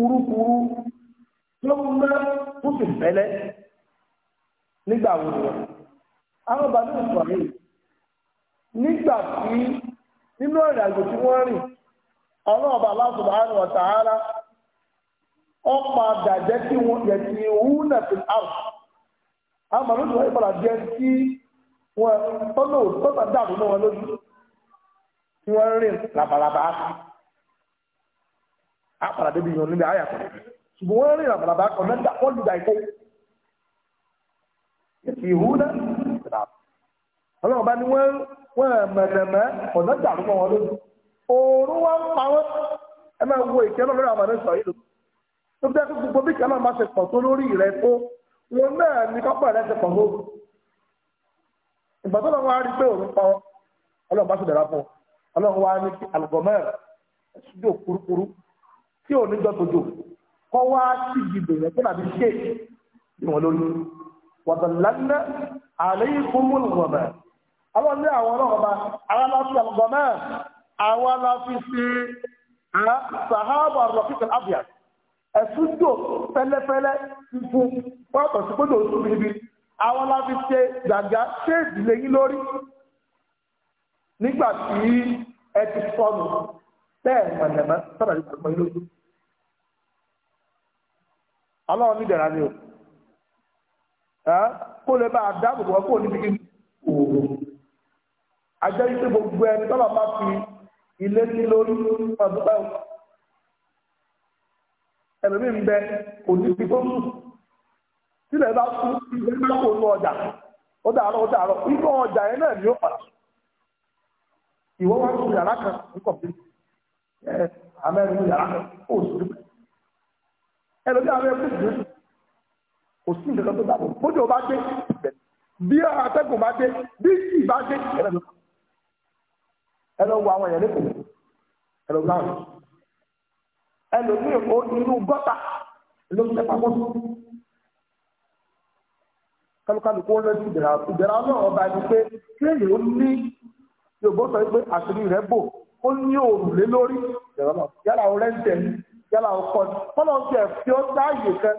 urukuru tó ń mẹ́ tó sì fẹ́lẹ́. nígbà wo ni wọn àwọn bàbá ìsọ̀rí nígbà tí nínú ìrìn àjò tí wọ́n rìn ọlọ́run bàbá subhanahu wa ta'ala ọ̀pá dàjẹ́ tí wọ́n yẹ ti wú náà fi àrùn àwọn bàbá ìsọ̀rí padà jẹ́ kí wọ́n tọ́lọ̀ dàrú náà wọn lójú tí wọ́n rìn làbàlàbà àpàlà débi níbi àyà ṣùgbọ́n wọ́n rìn làbàlàbà kan náà wọ́n lù dà ìhúdà ìsìlá ọlọ́run bá ní wọ́n wọ́n mẹ̀rẹ̀mẹ́ ọ̀nà dàrú mọ́ wọn lójú òórùn wọn pa wọn ẹ máa wo ìkẹ́ náà lórí àwọn ọ̀nà sọ̀rọ̀ ìlú tó bẹ́ẹ̀ kí gbogbo bí ìkẹ́ náà máa ṣe pọ̀ tó lórí rẹ̀ tó wọn náà ní kọ́pọ̀ rẹ̀ ṣe pọ̀ tó ìgbà tó lọ́wọ́ á rí pé òórùn pa wọn ọlọ́run bá sì dára fún ọlọ́run wá ní àlùgọ́mẹ́r ṣíjò kúrúkúrú tí ò ní jọ tòjò kọ́ wá sí ìdìbò rẹ̀ tó dàbí ṣéèkì bí lórí wàtàlánà àléékùnmùn gọ̀mà àwọn ní àwọn ọlọ́ọ̀ba àwọn láti àlùgọ́mà àwọn láti fi sàhábà rọ̀kìtì àbíà ẹ̀sùn jò fẹ́lẹ́fẹ́lẹ́ fífún pọ́ọ̀tọ̀ sí gbọ́dọ̀ oṣù bíbí àwọn láti ṣe gàgà ṣé ìdílé yín lórí nígbà tí ẹ ti sọnù bẹ́ẹ̀ mọ̀lẹ́mọ́ sábà ní kàgbọ́n yín lójú. ọlọ́run ní ìdẹ̀ra ni o kó lè bá àdáàbò wọn kó níbi kí òòrùn ajẹ́ ipe gbogbo ẹni tọ́lọ̀ bá fi ilé sí lórí ọdún báyìí ẹlòmíì ń bẹ kò ní ibi tó ń sùn sílẹ̀ bá kú ìwé bá kó lọ ọjà ó dàárọ̀ ó dàárọ̀ ikọ̀ ọjà yẹn náà ni ó pàtó ìwọ wá sí yàrá kan ní kọ̀ọ̀pì ẹ amẹ́rin yàrá kan ó sì dúpẹ́ ẹlòmíì àwọn ẹkú dùn kò sí nǹkan tó dàbò bójú ọba dé bí atẹ́gùn bá dé bí ìsì bá dé ẹ lọ wọ àwọn èèyàn lẹ́kọ̀ọ́ ẹ lọ gbáwọn ẹ lọ ní èkó inú gọ́tà ló ń tẹpa mọ́tò kálukálù kó lọ sí ìdẹ̀ra ìdẹ̀ra náà ọba ẹni pé kéèyàn ó ní Yorùbá sọ pé àṣírí rẹ̀ bò ó ní òrùlé lórí ìdẹ̀ra náà yálà ó rẹ́ǹtẹ̀ yálà ó kọ́ ni kọ́lọ́ ń tẹ̀ fi ó dáàyè kan.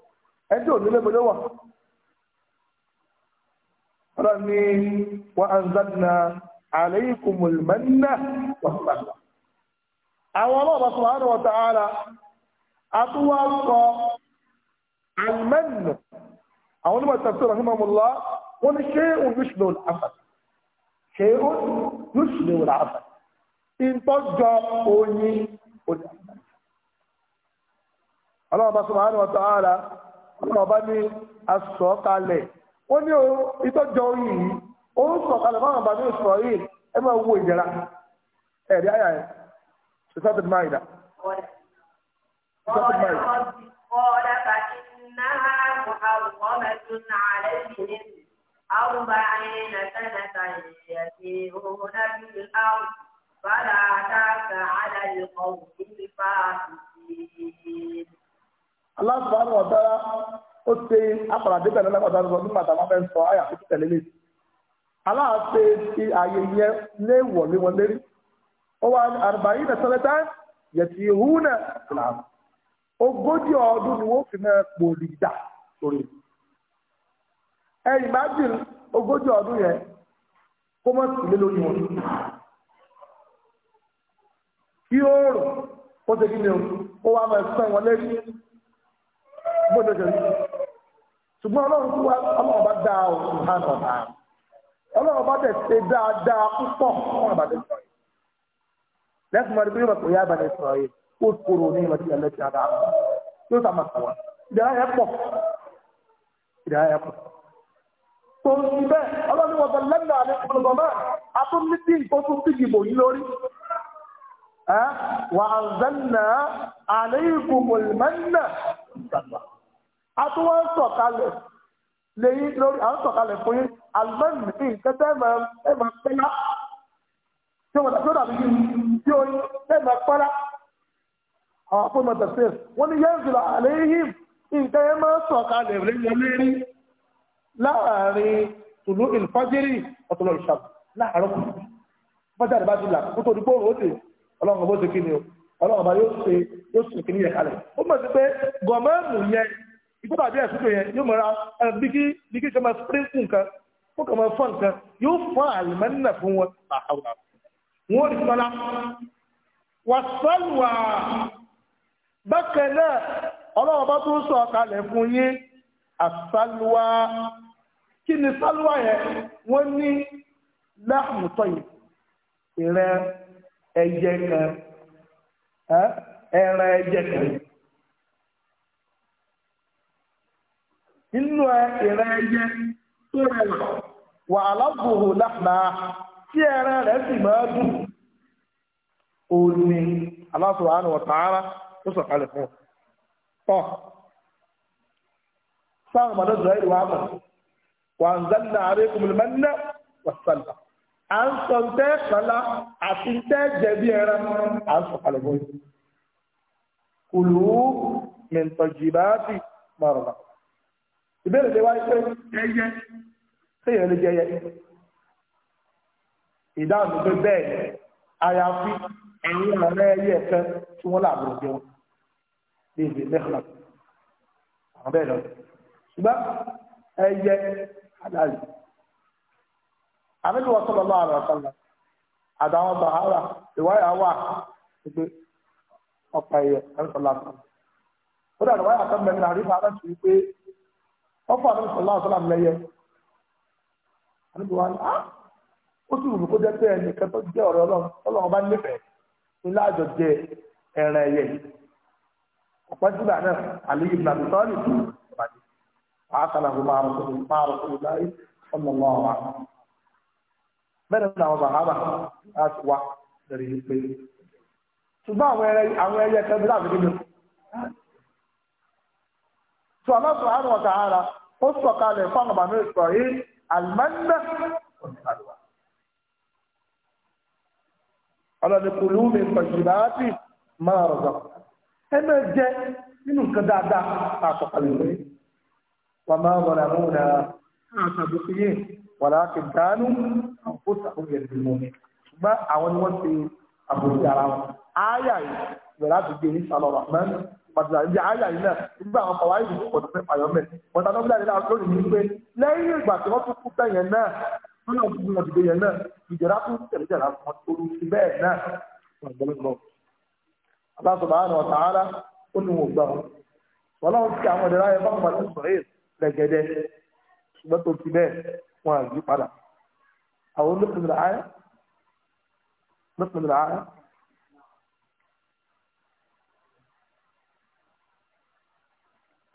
ẹni tí ò nílé gbọdọ̀ wà. ọlọ́run ní wa anzalna alaykumul manna wọ́n sọ̀rọ̀ àgbà. àwọn ọlọ́ọ̀bà subhanahu wa ta'ala àtúwà sọ almanna àwọn onímọ̀ tafsir rahimahullah wọ́n ní ṣé òun yóò ṣùgbọ́n àfàd ṣé òun yóò ṣùgbọ́n àfàd ìtọ́jọ oyin òdì àfàd. ọlọ́ọ̀bà subhanahu wa ta'ala ọlọ́run ọba ní asọ̀kalẹ̀ ó ní ìtọ́jọ oyin yìí ó ń sọ̀kalẹ̀ fáwọn ọba ní ìsọ̀rọ̀ yìí ẹ máa wo ìjẹra ẹ̀rí àyà ẹ̀ sọ́tẹ̀ máa ìdá. sọ́tẹ̀ máa ìdá. قال فإنها محرمة عليهم أربعين سنة يسيرون في الأرض فلا تأس على القوم الفاسقين Allah subhanahu wa ta'ala ó ṣe apàdé pẹ̀lú ẹlẹ́kọ̀ọ́ sáré sọ nígbà táwọn fẹ́ sọ àyà tó tẹ̀lé lé Allah ṣe ti àyè yẹn léèwọ̀ lé wọn lérí ó wà àrùbáyé nà sọ́lẹ́tà yẹtì húnà ìlànà ogójì ọdún ni wọ́n fi náà pòlì dà sórí ẹ̀yìn bá jìn ogójì ọdún yẹn kó mọ̀ sílé lórí wọn kí ó rò ó ṣe kí ni o ó wà máa sàn wọn lérí gbọ́dọ̀ jẹ́ ṣùgbọ́n ọlọ́run tó wá ọlọ́run bá dáa o hàn ọ̀tá ọlọ́run bá tẹ̀ ṣe dáadáa púpọ̀ ọlọ́run bá tẹ̀ sọ yìí lẹ́sùn mọ́ni pé yóò yá balẹ̀ sọ yìí ó kúrò ní ìmọ̀ tí ẹ̀ yóò sá máa sọ̀rọ̀ ìdára yẹn pọ̀ ìdára yẹn pọ̀ tó ń fi bẹ́ẹ̀ ọlọ́run wọ̀ bẹ̀rẹ̀ lẹ́nu àlẹ́ ọ̀pọ̀lọpọ̀ àtúwọ́ sọ̀kalẹ̀ lẹ́yìn lórí àwọn sọ̀kalẹ̀ fún yín alimẹ́rin ní nǹkan tẹ́ máa ẹ máa pẹ́lá tí wọ́n dàbí dàbí yìí tí ó yín tẹ́ máa pẹ́lá àwọn afọ́ máa tẹ̀sí wọ́n ní yẹn zùlọ àléhìn nǹkan ẹ máa sọ̀kalẹ̀ lẹ́yìn láàrin tùlú ìfájírì ọ̀tọ̀lọ̀ ìṣàbù láàárọ̀ bọ́jà rẹ̀ bá ti là kó tó di kóòrò ó dè ọlọ́run ọba ó kí ni o ọlọ́run ọba yóò ṣe yóò ṣe kí ni yẹ kalẹ̀ ó mọ̀ sí pé gọ̀mẹ́ẹ̀mù yẹn ikú tàbí ẹ̀sùn tó yẹn yóò mọ̀ra bí kí kama sprinkle nǹkan ó kama fọ́ nǹkan yóò fọ́ àlùmọ́nà fún wọn àhàwà wọn rí sọlá wà sọ́lùwà bákan náà ọlọ́wọ́ bá tó sọ kalẹ̀ fún yín àsálùwà kí ni sálùwà yẹn wọ́n ní láàmùtọ́ yìí ìrẹ́ ẹ̀jẹ̀ kan ẹ̀rẹ̀ ẹ̀jẹ̀ kan. nínú ìrẹ ẹyẹ tó rẹwà wà aláàbòrò lápá tí ẹran rẹ̀ sì máa dùn òun ni Allah subhanahu wa ta'ala tó sọ̀kalẹ̀ fún ọ. sáwọn ọmọdé zọ ìlú wa mọ̀ wà ń zanna alaykum al-manna was-salwa à ń sọ ntẹ́ kala àti ntẹ́ jẹ̀bi ẹran à ń sọ̀kalẹ̀ fún yìí. kulu min tajibati ma razaqakum ìbéèrè lè wáyé pé ẹyẹ séèyàn lè jẹyẹ ìdáhùn ló pé bẹ́ẹ̀ àyàfi ẹ̀yìn ọ̀rẹ́ ẹyẹ kan tí wọ́n làbọ̀ jẹun ní ìdí mẹ́fà àwọn bẹ́ẹ̀ lọ ṣùgbọ́n ẹyẹ aláàlú àmì wọ́n sọ̀rọ̀ lọ́wọ́ àrà ọ̀sán lọ àtàwọn bàhárà ìwáyà wà pé ọ̀pá ẹyẹ ẹ̀ńsọ̀lá kan ó dàgbà wáyà kan bẹ̀rẹ̀ àríwá aláṣẹ wípé ọfọ àdúgbò sọlá àtọlà lẹyẹ àdúgbò ni á ah! ó sì wùmí kó jẹ pé ẹnìkan tó jẹ ọ̀rẹ́ Ọlọ́run Ọlọ́run nílá àjọ jẹ ẹran ẹyẹ ọpẹ sígbà náà àlejò ìgbàgbé sọọlì tó ìbàdí àákàlà kò máa rọ máa láyé àwọn bàbá wá lórí pé àwọn ẹyẹ kan ó sọ̀kalẹ̀ fáwọn bàbá ìsọ̀ yìí àlùmọ́nà òṣìṣàlùwà. ọlọ́ni kùlù mi pẹ̀jùlá sí máa rọ̀ gbà. ẹ máa jẹ nínú nǹkan dáadáa máa sọ̀kalẹ̀ lórí. wà máa wọ̀nà mú na àtàbí sí yìí wàlá kì dánú àǹfóṣà ó yẹ ti ṣùgbọ́n àwọn ni wọ́n ti àbòrò pàtàkì ibi àyà yìí náà nígbà àwọn ọmọ wáyé ìdìbò pọ̀tù fẹ́ fàyọ́ mẹ́ wọn tàbí ọ̀gbìn àdìlá lónìí ní pé lẹ́yìn ìgbà tí wọ́n tún kú bẹ́ẹ̀ yẹn náà wọ́n náà tún wọn dìde yẹn náà ìjọra tún tẹ̀lé jẹ̀rà wọn torí ti bẹ́ẹ̀ náà wọn gbọ́dọ̀ lọ. aláṣọba àná ọ̀tá ara ó ní wọn gbà wọn. wọn náà ti àwọn ìdíra yẹn fáwọn àti sọ̀rọ̀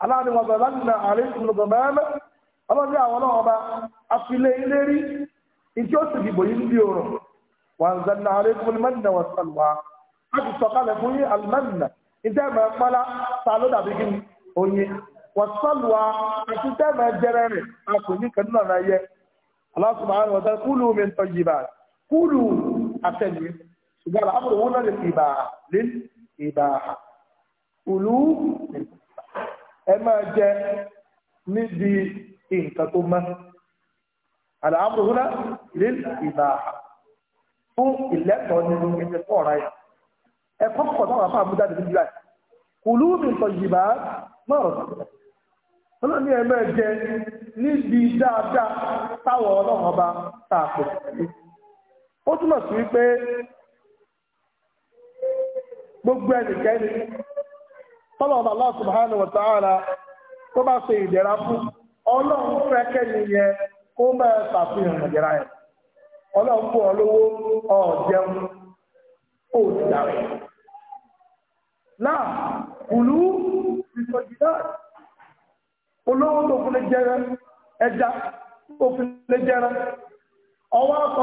aláàrin wọn bẹ̀rẹ̀ láti na àárín ìkùnlọ̀gbọ̀ mẹ́rẹ́mẹ́ ọlọ́dẹ àwọn náà ọba afilé ilé rí ìtí ó sì dìbò yìí ń bí oòrùn wà ń zanna àárín ìkùnlọ̀gbọ̀ mẹ́rinà wà sàlùwà a ti sọ̀kalẹ̀ fún yín àlùmẹ́rinà ìtẹ́ mẹ́ pálá ta ló dàbí kí oyin wà sàlùwà àti tẹ́ mẹ́ rẹ̀ a kò ní kẹ́ nínú ọ̀rọ̀ ayẹ aláṣùmọ̀ àárín ẹ máa jẹ níbi nǹkan tó mọ́ àlàáfíà húnà lè ìlà fún ìlẹ́tọ̀ọ́ nínú ẹ̀jẹ̀ fún ọ̀rá yẹn ẹ̀kọ́ pọ̀ náà wà fún àbújá nínú ìlú àyè kùlú mi sọ yìbá náà rọ̀ ọlọ́run ní ẹ máa jẹ níbi dáadáa táwọn ọlọ́run ọba tààpọ̀ ó túmọ̀ sí wípé gbogbo ẹnìkẹ́ni tọ́lọ́ọ̀bà Allah subhanahu wa ta'ala tó bá ṣe ìdẹ̀ra fún ọlọ́run fẹ́ kẹ́ni yẹn kó máa ṣàfihàn ìdẹ̀ra yẹn ọlọ́run fún ọ lówó ọ̀jẹun ó ti dàrẹ́ náà kùlú náà olówó tó fi lè jẹrẹ ẹja tó fi lè jẹrẹ ọwọ́ akọ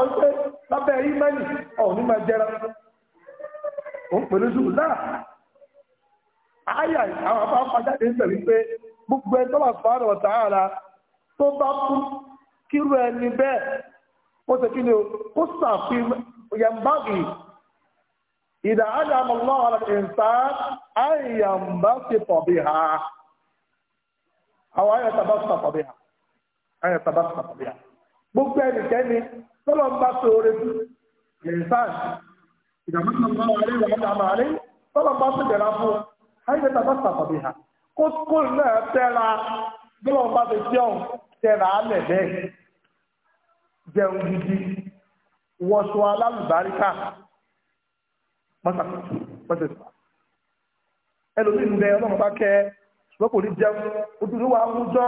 pé àyà àwọn afá fàjáde ń tẹ̀lé gbogbo ẹni bá fà lọ tààrà tó bá kú kírú ẹni bẹ́ẹ̀ ó ṣe kí ni ó ṣàfihàn yẹnbáàgì ìdá àjà ha àwọn anyị tàbá ṣe ha anyị tàbá ṣe ha gbogbo ẹnikẹ́ni tọ́lọ́ ń bá tọ́lọ́ ń bá fún ayé tàbá sàtàbí ha kókó náà tẹ́ra gbọ́dọ̀ bá ti jẹun tẹ́ra alẹ̀ bẹ́ẹ̀ jẹun gidi wọṣọ alálùbáríkà pàtàkì pàtàkì ẹlòmíì ń bẹ ọlọ́run bá kẹ́ ṣùgbọ́n kò ní jẹun ojú ló wà á mújọ́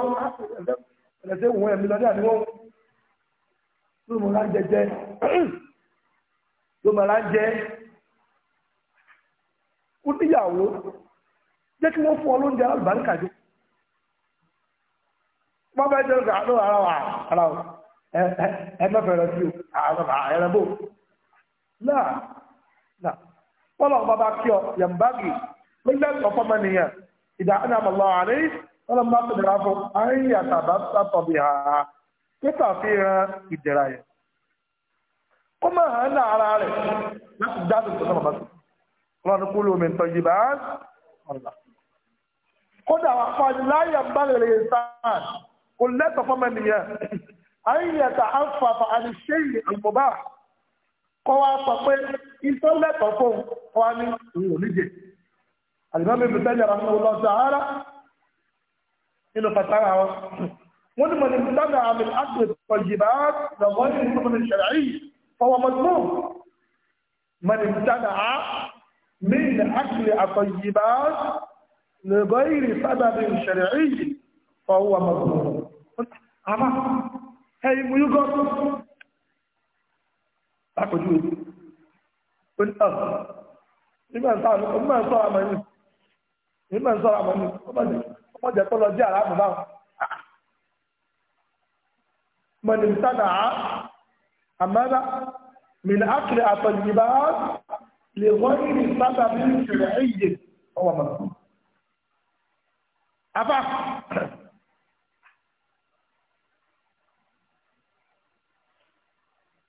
ẹ̀lẹ́sẹ̀ òun ẹ̀mí lọ́dẹ̀ àníwọ̀ ló mọ̀ láńjẹ jẹ ló mọ̀ láńjẹ ó jẹ́ kí wọ́n fún ọ lóúnjẹ alálùbáríkà jó wọ́n bẹ́ẹ̀ jẹ́ ọ̀gá ló ara wà ara wà ẹ mẹ́fẹ̀ẹ́rẹ́ sí o ààrẹ bò náà náà wọ́n lọ́wọ́ bá kí ọ yàmbáàgì lójẹ́ ọ̀fọ́ mẹ́niyàn ìdá ẹ̀nàmọ̀ lọ́wọ́ àrí wọ́n lọ́wọ́ bá tẹ̀lé afọ àárín àtàbà sátọ̀ bí ha pípa fi hàn ìdẹ̀ra yẹn ó máa hàn ní ara rẹ̀ láti dáàbò tó náà bá tó wọ́n lọ́wọ́ kúlò mi bá ọ̀nà kódà wà fàájú láyà ń bá rẹ̀ sáàn kò lẹ́tọ̀ fọ́mọ nìyẹn àyíyàtà àfàfà àníṣẹ́yì àgbọ̀bá kọ́ wa sọ pé ìtọ́ lẹ́tọ̀ fún wa ní òun ò níje àlùmọ́mí ibi tẹ́lẹ̀ àwọn ọmọ ọ̀sẹ̀ ara nínú fàtàrà wọn wọ́n ní mọ̀ ní mùtánà àmì àgbè pọ̀jìbá lọ́wọ́ ní mùtánà ìṣẹ̀lẹ̀ yìí fọwọ́ mọ́tò mọ̀ ní mùtánà àmì àgbè àpọ̀jìbá lẹ́gọ́ ìrì sábàbí ìṣẹ̀lẹ̀ ìyí fọwọ́ ọmọkùnrin àmá ẹ̀yìn mú yúgọ́ lápòjú ìpínlẹ̀ nígbà ń sọ àmọ́ yìí nígbà ń sọ àmọ́ yìí ọmọdé tó lọ jẹ́ àràbù náà mọ̀lẹ̀ sádà àmọ́dá من أكل الطيبات لغير سبب شرعي هو مكروه afa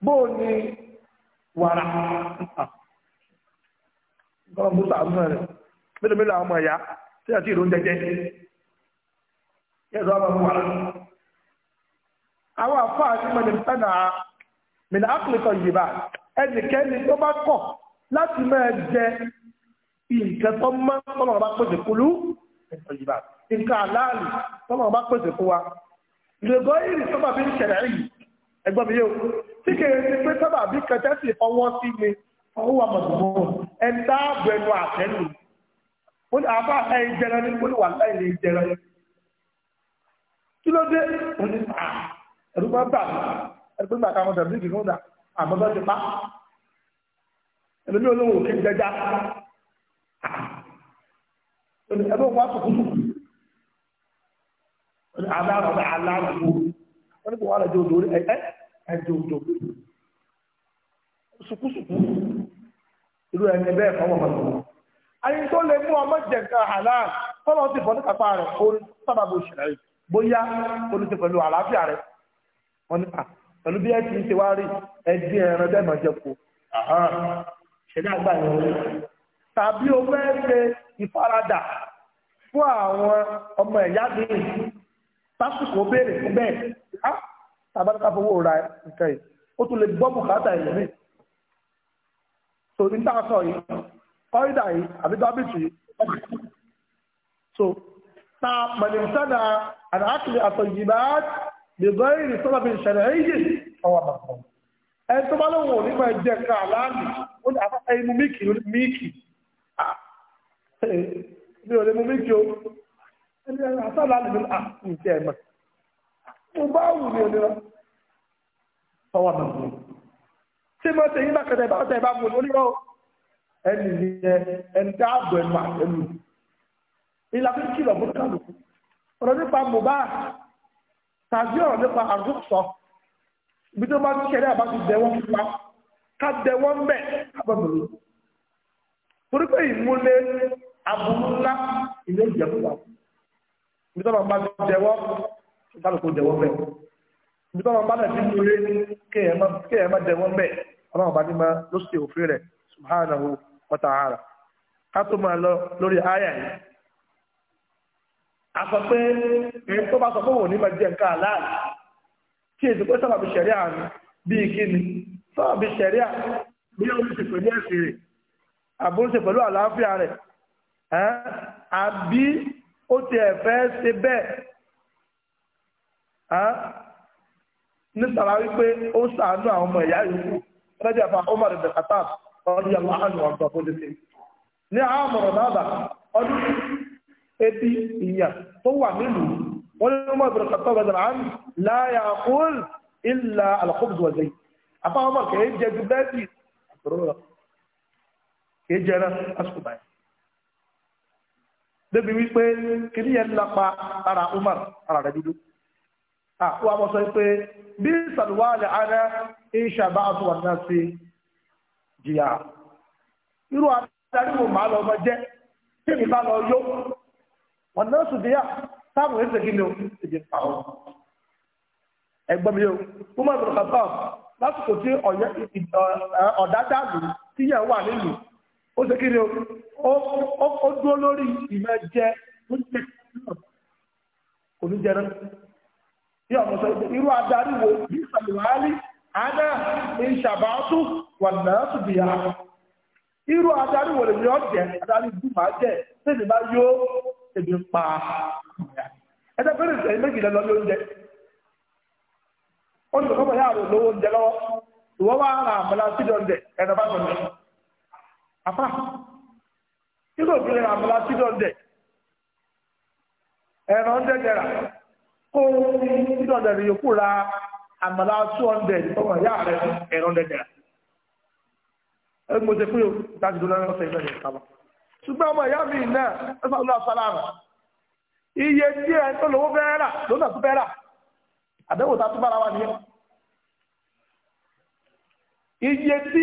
bóò ni wàrà gbọ́dọ̀ mú sàánú rẹ̀ mélòó mélòó àwọn ọmọ ẹ̀yà tí àti ìrún jẹjẹ yẹ́sọ́ ọmọ ọmọ wàrà àwọn àfáà tí mo ní pẹ́nà mìnà yìí bá ẹnikẹ́ni tó bá kọ̀ láti máa jẹ nǹkan tó mọ́ tọ́lọ́rọ̀ bá pèsè kúlú ẹ̀kọ́ yìí bá nǹkan àláàlì tọ́lọ̀ bá pèsè fún wa lègọ́ ìrì sábà bí ṣẹ̀rẹ̀ yìí ẹgbọ́n mi yóò tí kèrè ti pé sábà bí kẹtẹ́ sì fọwọ́ sí mi fọwọ́ wa mọ̀tòmọ́ ẹ̀ ń dáàbò ẹnu àtẹ́lù ó ní àbá ẹ̀yìn jẹrẹ ní kólé wà láì lè jẹrẹ kí ló dé ó ní à ẹ̀rú bá bà mí ẹ̀rú bá kà wọn tẹ̀lé kì í ti pa ẹ̀lómi olówó kí n jẹjá ẹ̀rú aláàrọ̀ bá aláàrọ̀ bò wọ́n ní kò wọ́n lọ jẹ́ odò orí ẹ̀ ẹ̀ jẹ́ odò sùkúsùkú irú ẹni bẹ́ẹ̀ fọwọ́ mọ́tò ayé tó lè mú ọmọ jẹ nǹkan àlá tọ́lọ́ ti fọ́ ní kápá rẹ̀ orí sábà bó ṣẹlẹ̀ rẹ̀ bóyá olú ti pẹ̀lú àlàáfíà rẹ̀ wọ́n ní à pẹ̀lú bí ẹ ti ṣe wá rí ẹdí ẹran dẹ́mọ̀ jẹ kó ṣẹlẹ̀ àgbà yẹn tàbí o fẹ́ ṣe ìfaradà fún àwọn ọmọ ẹ̀yá mi tásìkò béèrè fún bẹ́ẹ̀ á tàbátà fowó ra nǹkan yìí ó tún lè gbọ́ bùkátà ìlú mi so ní tá a sọ yìí kọ́ídà yìí àbí dábìtì yìí so ta mọ̀lẹ́sádà àdáàkìlẹ̀ àtọ̀yìnbá gbẹ̀gbẹ́ ìrìn sọ́dọ̀ fi ṣẹlẹ̀ èyí ọwọ́ àbàkọ́ ẹ tó bá lóun ò ní máa jẹ ká láàmì ó ní afẹ́fẹ́ inú míìkì míìkì ah, eh, mi ò lè mú míìkì o àtàlà àlùbí à ń jẹ ẹ̀ mọ́ mo bá wù mí òní lọ ọwọ́ mi mú tí mo tẹ̀yìn bá kẹtẹ̀ bá tẹ̀ bá mú onírọ̀ ẹni ní ẹ ẹni dáàbò ẹnu àtẹnu ìlànà ìkìlọ̀ fún kálukú ọ̀rọ̀ nípa mobile tàbí ọ̀rọ̀ nípa àrùsọ ibi tó bá ti ṣẹlẹ̀ àbá ti dẹ̀wọ́n pa ká ńlá ìlú ìjẹ̀bú ibi tọ́lọ̀ bá ti jẹ́wọ́ kálukú jẹ́wọ́ bẹ́ẹ̀ ibi tọ́lọ̀ bá ti lóore kéèyàn má jẹ́wọ́ bẹ́ẹ̀ ọlọ́run bá ní ma ló ṣe òfin rẹ̀ subhanahu wa ta'ala ká tó máa lọ lórí àyà yìí a sọ pé èyí tó bá sọ pé òun ní ma nǹkan aláàlú kí èsì pé sábàbí ṣẹ̀rí àmì bíi kí ni sábàbí ṣẹ̀rí àmì bí ó ń ṣe pẹ̀lú ẹ̀sìn rẹ̀ àbúrò ṣe pẹ̀lú àlàáfíà rẹ̀ àbí ó ti ẹ̀fẹ́ ṣe bẹ́ẹ̀ nísàlá wípé ó ṣàánú àwọn ọmọ ìyá yòókù rẹ́jà fa Umar ibn Khattab ọdún yàrá àánú ọ̀gbọ̀n fún mi. ní àwọn ọmọ náà ọdún ebi ìyàn tó wà nílùú wọ́n ní Umar ibn Khattab ọ̀gbọ̀n àánú la ya'kul illa al-khubz wa àfáwọn ọmọ kìí jẹ ju bẹ́ẹ̀dì àtọ̀rọ̀ kìí jẹ náà lásìkò báyìí débi wípé kìíní yẹn lápá ara Umar ara rẹ̀ dúdú àwọn àmọ́ sọ pé bí sàlùwàlì ara iṣẹ́ bá a tó wà náà sí jìyà irú adarí wo màá lọ ọmọ jẹ́ tí mi bá lọ yó wọn náà sùn jìyà táwọn èsè kí ni o ti di pàrọ̀ ẹgbọ́n mi o Umar bin Khattab lásìkò tí ọ̀dájà lù tíyẹ̀ wà nílùú ó ṣe kí ni ó dúró lórí ìmọ̀ jẹ́ oníjẹrẹ tí ọmọ sọ irú adarí wo bí sàlùwálì àná ìṣàbáṣù wà náà tún bìyà irú adarí wo lèmi ọjẹ adarí bú máa jẹ tèmi bá yó pa ẹjẹ pé nìṣẹ méjìlá lọ lóúnjẹ ó ní kókó yàrá olówó oúnjẹ lọ́wọ́ ìwọ wá àmàlà sídọ̀ọ̀dẹ nje. afá kílò fi lè àmàlà six hundred ẹ̀rọ hundred naira kó six hundred yòókù ra àmàlà two hundred tọwọ́ ìyá rẹ ẹ̀rọ hundred naira ẹni mo ṣe pé o láti dúró lọ́wọ́ sẹ́yìn lọ́dẹ̀ ìsábà ṣùgbọ́n ọmọ ìyá mi náà ẹ̀fà olúwa sálámà iye tí ẹ̀ tó lówó fẹ́ rà lónà tó fẹ́ rà àbẹ̀wò tá a tún bára wa nìyẹn iye tí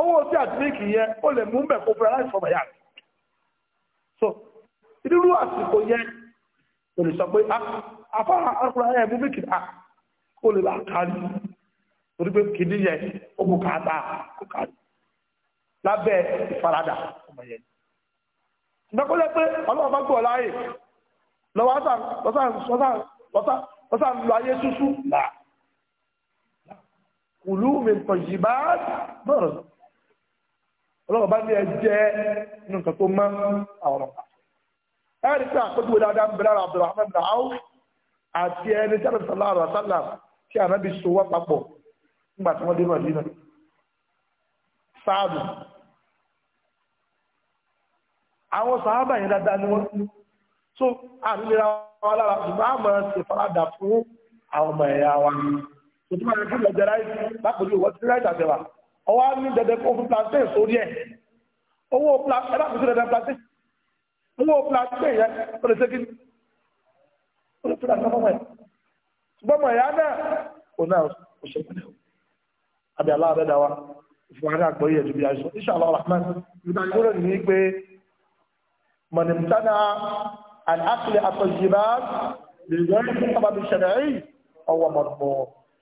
owó tí àtìríkì yẹn ó lè mú bẹ̀ kó fúra láì fọmọ yá rẹ̀ so irú àsìkò yẹn o lè sọ pé afárá arákùnrin ayé mú bíkì á ah, ó lè bá kárí torí pé kìdí yẹn ó mú káàtà kó kárí lábẹ́ ìfaradà ọmọ yẹn ìgbàgbọ́ jẹ́ pé ọlọ́run bá gbọ́ láàyè lọ́wọ́ ọ̀sán lọ ayé tútù là kùlù mi tọ̀yìbá bọ̀rọ̀ ọlọ́run bá ní ẹ jẹ́ inú nǹkan tó mọ́ àwọn ọ̀pá. ẹ rí pé àpéjúwe dáadáa ń bẹ lára Abdulrahman bin Auf àti ẹni tí àbẹ̀sọ̀ lára sálà tí ànábì so wá papọ̀ nígbà tí wọ́n dé Mọ̀dínà. sáàdù àwọn sàábà yẹn dáadáa ni wọ́n tó àlera wa lára ṣùgbọ́n àmọ́ ṣèfaradà fún àwọn ọmọ ẹ̀yà wa. òtún máa ń fi lọ jẹ láìsí lápòjú ìwọ́sí ọwọ́ ní dẹ̀dẹ̀ kó fún plantain sórí ẹ̀ owó plantain ẹ̀dá kò sí dẹ̀dẹ̀ plantain owó plantain yẹn ó lè ṣégi ó lè fúnra sọ́mọ́ ẹ̀ ṣùgbọ́n mọ̀ ẹ̀yà náà kò náà kò ṣe pẹ̀lẹ́ o àbí aláàbẹ̀ dá wa fún wa ní àgbọ̀yé ẹ̀jú bí aṣọ inshallah rahman ìgbà ìgbóró ni pé mọ̀nìmùtánà àlàáfíà àtọ̀jìbá lè yọ ọ́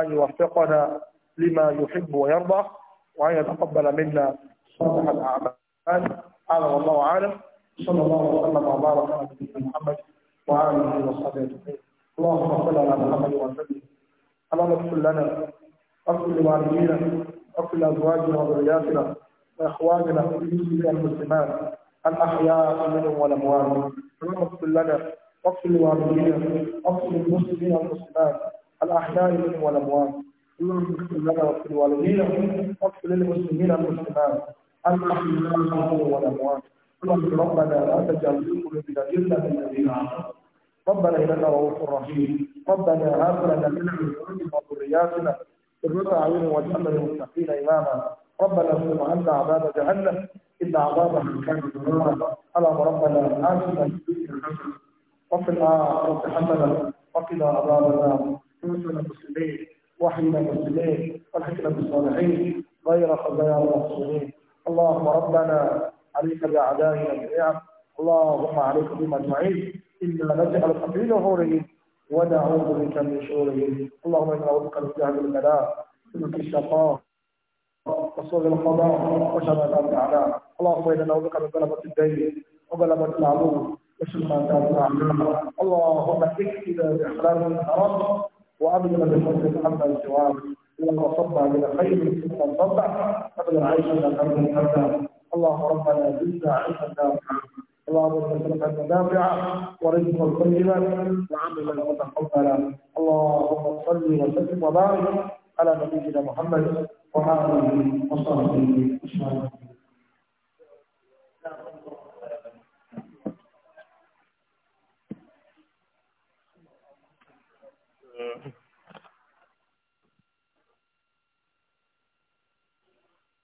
أن يوفقنا لما يحب ويرضى وأن يتقبل منا صالح الأعمال هذا والله أعلم صلى الله وسلم وبارك على نبينا محمد وعلى آله وصحبه أجمعين اللهم صل على محمد وسلم اللهم اغفر لنا اغفر لوالدينا اغفر لأزواجنا وذرياتنا وإخواننا وجميع المسلمين الأحياء منهم والأموات اللهم اغفر لنا واغفر لوالدينا واغفر للمسلمين والمسلمات الأحياء منهم والأموات اللهم اغفر لنا واغفر الوالدين واغفر للمسلمين والمسلمات الأحياء منهم والأموات اللهم ربنا لا تجعل في قلوبنا إلا من الذين ربنا إنك رؤوف رحيم ربنا هب لنا من عيوننا وذرياتنا قرة أعين واجعلنا للمتقين إماما ربنا اغفر عنا عذاب جهنم إن عذابها كان ذنوبا ألا ربنا آتنا في الدنيا حسنة وفي الآخرة حسنة وقنا عذاب النار ومثل المسلمين وحمل المسلمين والحكمة بالصالحين غير خزايا المحسنين اللهم ربنا عليك بأعدائنا الإعب اللهم عليك بما اجمعين إنا نجعل في نهورهم ونعوذ بك من شرورهم اللهم إنا نعوذ بك من جهل البلاء سلوك الشقاء وسوء القضاء وشر الأعداء اللهم إنا نعوذ بك من غلبة الدين وغلبة العدو وشر ما كان اللهم اكفنا بإحلال الحرام وأبلغ بحسن حتى الجواب لما صبع من خير ثم صبع قبل العيش من الأرض الحمد اللهم ربنا زدنا علما نافعا اللهم ارزقنا نافعا ورزقا طيبا وعملا متقبلا اللهم صل وسلم وبارك على نبينا محمد وعلى اله وصحبه اجمعين